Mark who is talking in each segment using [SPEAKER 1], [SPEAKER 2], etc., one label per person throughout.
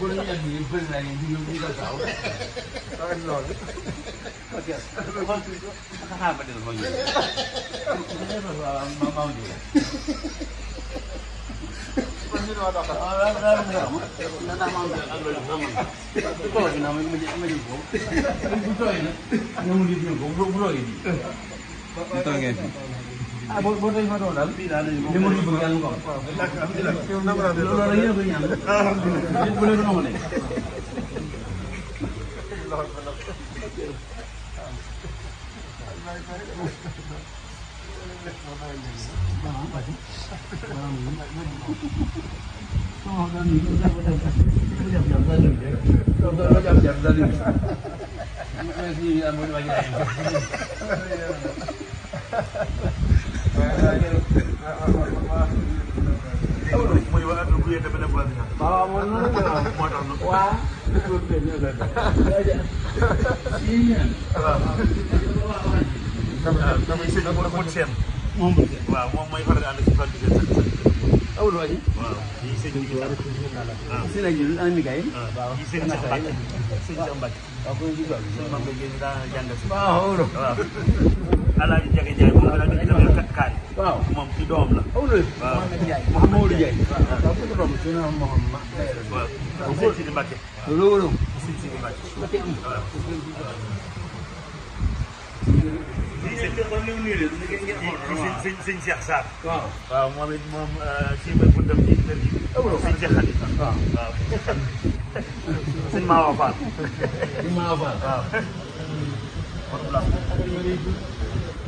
[SPEAKER 1] bu la
[SPEAKER 2] ñu yàgg yi bëri naa leen di ñu doon gaaw nawet bi loolu. ok kon xaaral ma téléphone bi. waaw ma ma woon kon ñu doon doxal. waaw waaw daal ma doon am. ndax ma am na ak loolu am na. bu tooyee naa ma ma jël ma jël foofu. bu tooyee nag. ñoom ñu jël foofu bu bu toogee fii. bu toogee fii. ah boo boo tey fatoo daal li ma ñu bëgg yàlla nga ko am loolu la yéen a koy ñaan bu leen amalee Thank you. waaw man noonu la moo tax nag waaw. damay sëñ bi mot seen. moom waaw moom mooy faral di ànd si fan bi seen sax. awul waa ji. waaw yii sëñ bi sax. waaw sëñ ak yéen andi gars yi. waaw yii sëñ sax Mbacke. sëñ sax Mbacke. waaw kon si quoi. sëñ Mbacke Gueye ñu daan jàngal si. waaw awul waaw. Alaaji Jaga Njaay moom la ñu demee kat kaay. waaw moom ci doom la. waaw Mouhamed Ndiaye Mouhamed Ndiaye. waaw su ko doom su ñu naan Mouhamed ma. waaw sëñ Sidi Mbacke. loolu wóorul. sëñ Sidi Mbacke. sëñ sëñ Cheikh Sarr. waaw waaw moom it moom euh, ci may buntam ci kër gi. sëñ Cheikh Xadi. waaw waaw. sëñ
[SPEAKER 1] Maawa Fall. sëñ Maawa Fall waaw.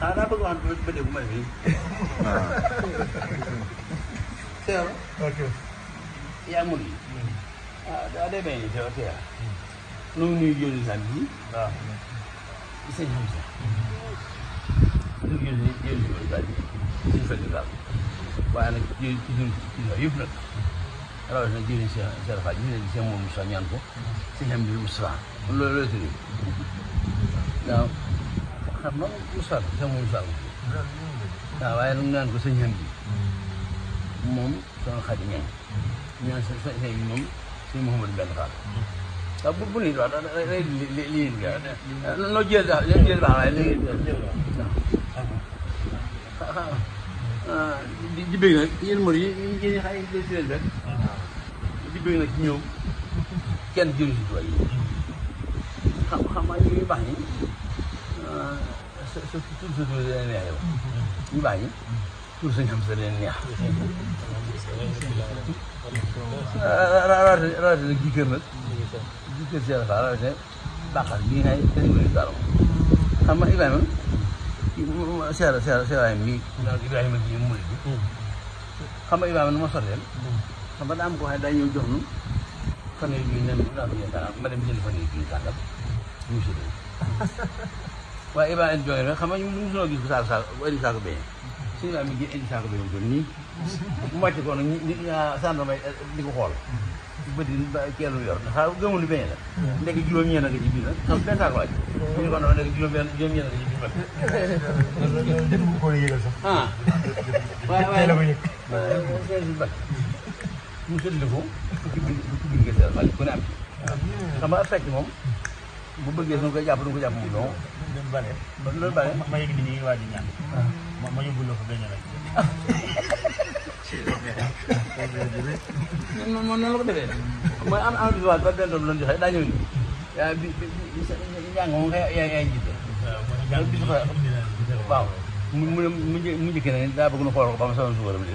[SPEAKER 2] ah daa bëgg e a wax ba dégg mbay mi. waaw. teew. ok. yaa mun. ah daa dee bañ a teew teew. nu mu nuyu jëli sax bii. waaw. gis nañ xam sax. nu mu jëli jëli jëli sax bii. suñu fekk daal. waaye nag jëli ci ñun ci ñun yëpp nag. rawatina jëli seen seen xaaj ñu ne seen moom Moussa ñaan ko. si ñam bi Moussa. loolu loolu la xam na mu sal sa moom sal waaw waaye lu mu naan ko sëñ xan bi moom sama xarit ñaan ñaan sa sa bi moom sëñ Mouhamadou benn Fall waaw bu bu nit wax lay lii noo jël daal leen jël baax waaye léegi waaw di bëgg nag yéen mor yi yéen xay de si leen rek di bëgg nag ci ñëw kenn jëriñ si tubaab yi xam xam nga ñu baax ni sa sa tur sa tur leen neex yow. ñu bàyyi tur sa ñam sa leen neex. rawatina rawatina ji kër nag. ji kër si yàlla faa rawatina bàqal bii ngay dañu mën a xam nga Ibrahima seera seera seeraay mi. Ibrahima ji mu bi. xam nga Ibrahima nu ma sori leen. xam nga daa am ko waxee daa ñëw jox nu. fan yii bii nee ma dem jënd fan yii bii sàngam. ñu waaye Ibrahima jooy rek xam nga ñu musuloo gis ko saako saako indi saako beñe suñu am gi indi saako beñe doon nii mu wàcc ko nag ñi sàndarma di ko xool bëti keelu yor ndax gëmul beñe la ndekk juróom-ñeent nga ci biir nag xam benn saako wàcc ñu ko ndox ndekk juróom-benn juróom-ñeent nga ci biir nag ko yëgal sax ah waaye waaye la ko yëg mu sëdli ko ci biir ko ne am xam nga fekk moom bu bëggee suñu koy jàpp du ko jàpp moom dong. dem loolu bale ma yëg ni ñu ngi waaj a ñaan. ma ma yóbbu la fa benn rek. moom noonu la ko defee mooy am ba benn doom doon joxe daa ñëw ni yaa bi bi yaa yaa jiite. mu mu mu njëkk daa bëgg nu xool ko ba mu sonal suukaram de.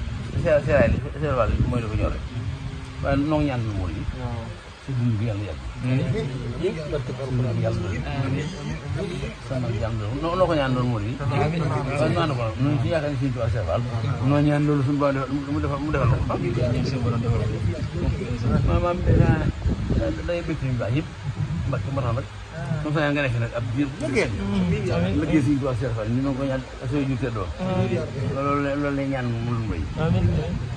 [SPEAKER 2] seer seeraay li seer wàll mooy dafa ñor rek waaye noo ngi ñaan mool yi si dund bi yàlla yàgg sama jàmm loolu noo ko ñaan loolu mool yi waaye ñaan ko noonu ci yaakaar ni suñu tubaab seer wàll noo ñaan loolu suñu borom mu defal mu defal ko maanaam day bëgg suñu baax yëpp Mbacke Mbacke nag. Ah. comme ça nga nekk nag ab diir. liggéey si mm-hmm. Tuubaa Cheikh Fall ñu ngi ko ñaan asoo ju teddoo. loolu la loolu la ñaan mu lu may. amiin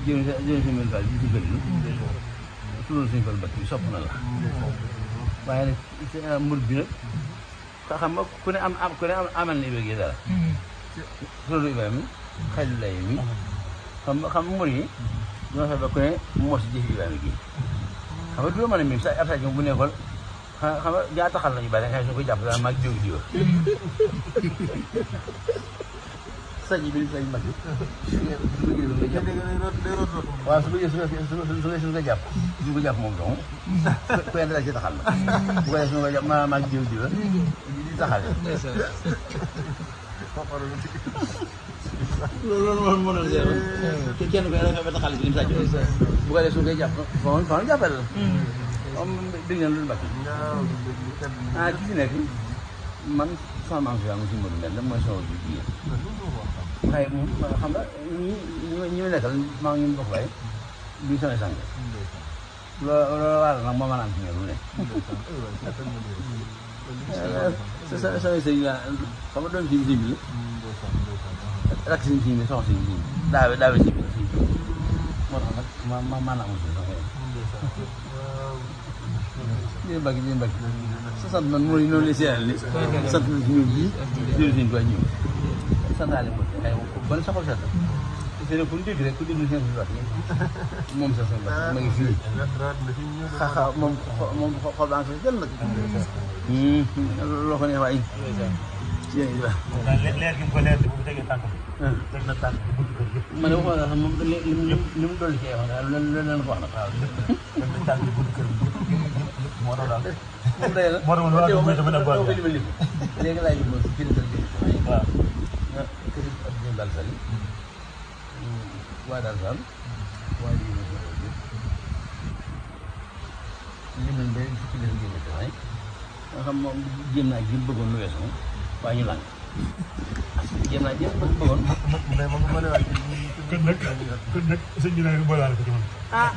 [SPEAKER 2] jëm sa jëm sa mel Fall ji ci gën tuloon suñu Fall Mbacke bi sopp na la. Mm-hmm. waaye nag ah, mbir bi nag xam nga ku ne am am ku ne am amal na ibégee dara. loolu mm-hmm. Ibrahima xel lay mi. xam nga xam nga mbir yi dina fexe ba ku ne mos jëf Ibrahima gi xam nga du la mën a miin sa ab saa bu nekkoon. xam xam yaa taxal nañu bari xëy na ñu koy jàpp daal maa jóg jiw sañ bi ñu mag yi. waaw su ma yee su ma yee su ma jàpp. su ma ko jàpp moom dong. ku yàlla daal ci taxal ma. bu ma ko jàpp maa maa di
[SPEAKER 1] taxal loolu loolu moom
[SPEAKER 2] koy jàpp moom jàppale la. moom dégg na loolu Mbacke. ah ki fi nekk man sama am fi am si Modou Mbène mooy sama bi kii waaye moom xam nga ñi ñi ma nekkal maa ngi ñu bokk waaye duñ sama sang loolu loolu waral nag moo mën a am si ñoom lu ne.
[SPEAKER 1] sa sa sa sëñ bi
[SPEAKER 2] xam nga doon si sëñ bi la rakk sëñ sëñ bi soxna sëñ bi daawe daawe sëñ bi moo tax nag ma ma maanaam amul si sax jërëjëf Mbacke jërëjëf Mbacke sa sant man mooy noonu la seeral ni sant na ci ñëw bii jërëjëf ñu koy ñëw santaale ko ay ban sa xol sa te ne ku dégg rek ku déglu seen wax yi moom sax seen wax ma ngi fii xaxa moom moom xol baa ngi fi jël nag loo ko neex waaye yéen waaw. leer gi mu ko leer bu tegee tànk bi. teg na tànk bi gudd kër yëpp. ma ne waxoon na sax moom hm. li mu li mu dolli cee wax daal loolu la ko wax nag. waaw lépp teg na tànk bi gudd kër bi yëpp yëpp yëpp moo doon daal. moom day la moo doon lu waa muy dama ko lim léegi laay jublu si kër kër gi. waaw. kër gi ak ñoom daal sali. waa daal daal. waa ji ma ko doon jël. li mu ne fukki def ngeen ko waaye. nga xam moom jéem naa ji bëggoon lu weesu moom. waaye ñu lànk jéem naa jéem bëgg bëggoon. mais moom ma ne waay kon nag kon nag sëñ bi nawet bi boolaale ko ci man. ah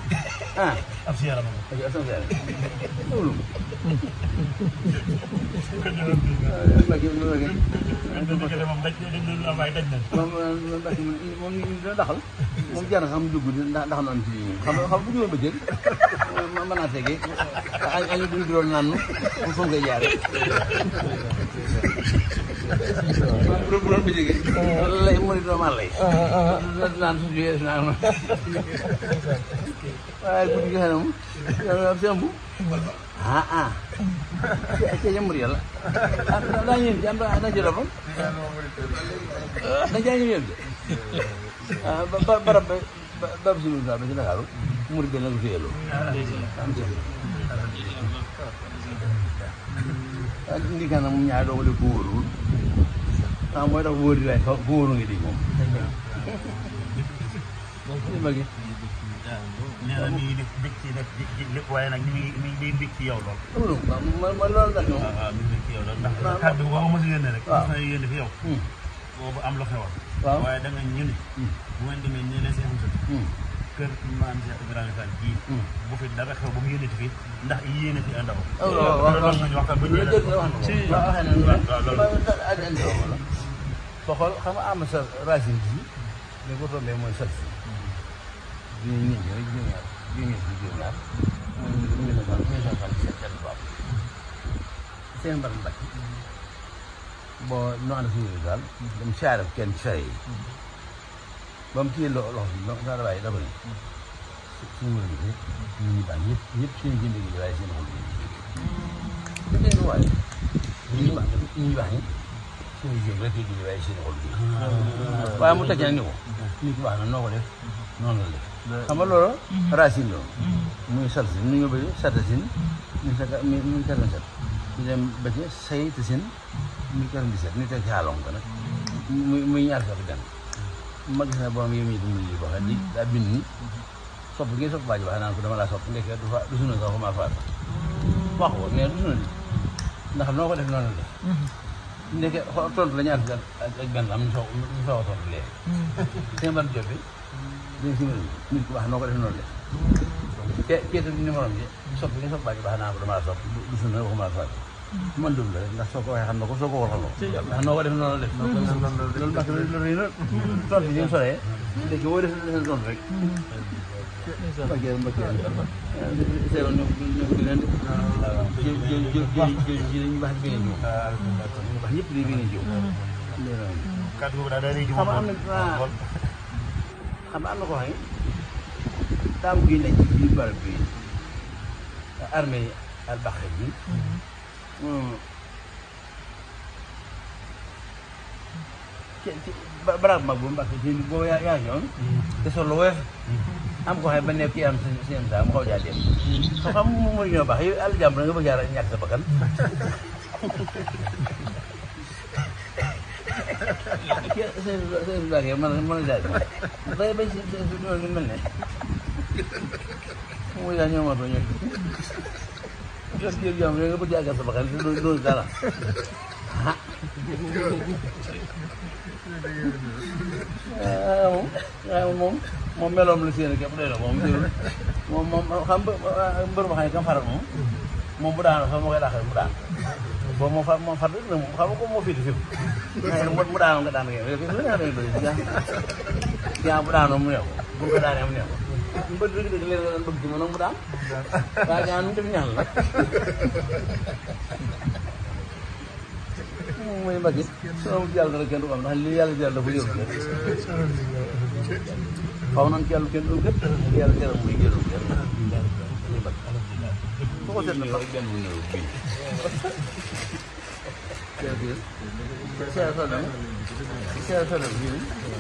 [SPEAKER 2] ah. ab si yàlla moom. ab si yàlla loolu. kon ñu doon dégg moom daj dañ la waaye daj nañ. moom moom ñu doon daxal. moom jar na xam dugg ndax ndax naan ci xam xam bu ñu woon bëggee mën naa tegee añu duñ doon naan nu fu ngay jaaree. bu doon bu jógee. loolu lay mooy doomu aar lay. naan suñu jugee naan ma. waaye guddi gi xanaa moom. yàlla na am ah ah. ci ñamur yàlla.
[SPEAKER 1] ah daa ñëw jàmm daa daa jëloon ba. daa ñëw de.
[SPEAKER 2] ah ba barab ba ba ba si Ndakaaru. mur bi nag lu ah indi kanam moom ñaari doog a def wóorul ah mooy tax wóor yi waaye fa wóoru nga di moom. waaw nee na mi ngi def def waaye nag mi ngi mi ci lool. man man loolu la ñu. waaw mi ngi lool ndax kàddu gi waxuma si yéene rek. waaw mos na yéene fi yow. boobu am lu xewal. waaw waaye da nga ñu ne. bu ma demee ñu ne kër maam Cheikh Ibrahima Fall kii. bu fi dara xew ba mu yónnee fi ndax yéene fi àndaw. waaw waaw waaw loolu la ñu waxtaan ba ñu. loolu la wax si waaw waxee nañu ne waaw xool xam nga am na sa racine bi li ko tombee mooy sël si. ñu ngi ñëw rek ñu ñaar ñu ngi si jiw ñaar mooy ñu ngi leen a baal ñu ngi leen a baal seen seen bopp. seen mbar mbàkk. boo ñu ànd fi ñu daal. dem caare kenn caare yi. ba mu téye loo loo xam daal waaye dabal suñu wërëm yi ñu ngi baax ñëpp ñëpp seen jënd gi waaye seen xol bi ñu waaye ñu baax ñu baax ñi seen jëm rek di waaye seen xol bi waaye mu teg na ni ko nit ku baax na noo ko def noonu la def xam nga loolu racine loolu muy sal sin ñu nga bëri sata sin ñu sa ñu karan sat ñu dem ba ci sayta sin ñu karan di set ñu teg ci xaalong ko nag muy muy ñaar fekk gan ma gis ne borom yéen a ngi ko waxee di daa bind sopp gi sopp baaji waxee naan dama laa sopp ndeke du fa du sunu faat wax ko du sunu di ndax noo ko def noonu la ndeke xool tontu la ñaar ak benn am ñu soog ñu soog a tontu lee mm-hmm. seen ku mm-hmm. dama laa sopp du sunu waxuma faat man loolu la ndax soo ko waxee xam na ko soo ko waxal na ko ndax noo ko def noonu la def loolu nag loolu la tont yi ñu soree dëkk boo def def tont rek mbakeer mbakeer seeroon ñu ñu leen jël jël ji ñu baax bi ñu baax ñëpp di bi ñu jiw kaddu boobu daal day xam am na xam am na ko waxe taamu gi nekk ci biir barab bi armée al baxri bi baraab mag bu Mbàkke ci boo yaa yaa ñoom te sol lu woyof am ko xam ba nekk kii am seen saa mu xaw jaa dem soo xam mu mu ñoo baax yow àll jàmbur nga bëgg yaa ñàkk sa bakkan seen seen Mbàkke man man daal day bay seen seen su mel ne mu yaa ñoo moo ñoo kër gi ak yow nga bëgg a àggal sama xel loolu loolu dara
[SPEAKER 1] ah. moom waaw moom
[SPEAKER 2] moom meloom la seen képp doy na moom déedéet moom moom xam nga mbër ma xam ne kam faral moom moom bu daanoo sax ma koy daaxal mu daan boobu moom far moom far rek la moom xam nga daan nga yaa bu mbëgg bi dëgg la daan bëgg ci mu nangu daal. waaye ñaan mu def ñaan la. moom mooy mbagg su amul yàlla dara kenn du am ndax li yàlla jàll dafa yóbbu. xaw nañ ci yàlla kenn du gët li yàlla jàll muy jëlu kenn. su ko seet na sax benn bu ñëw bii. jërëjëf.
[SPEAKER 1] Seydou Sall. Seydou Sall bii.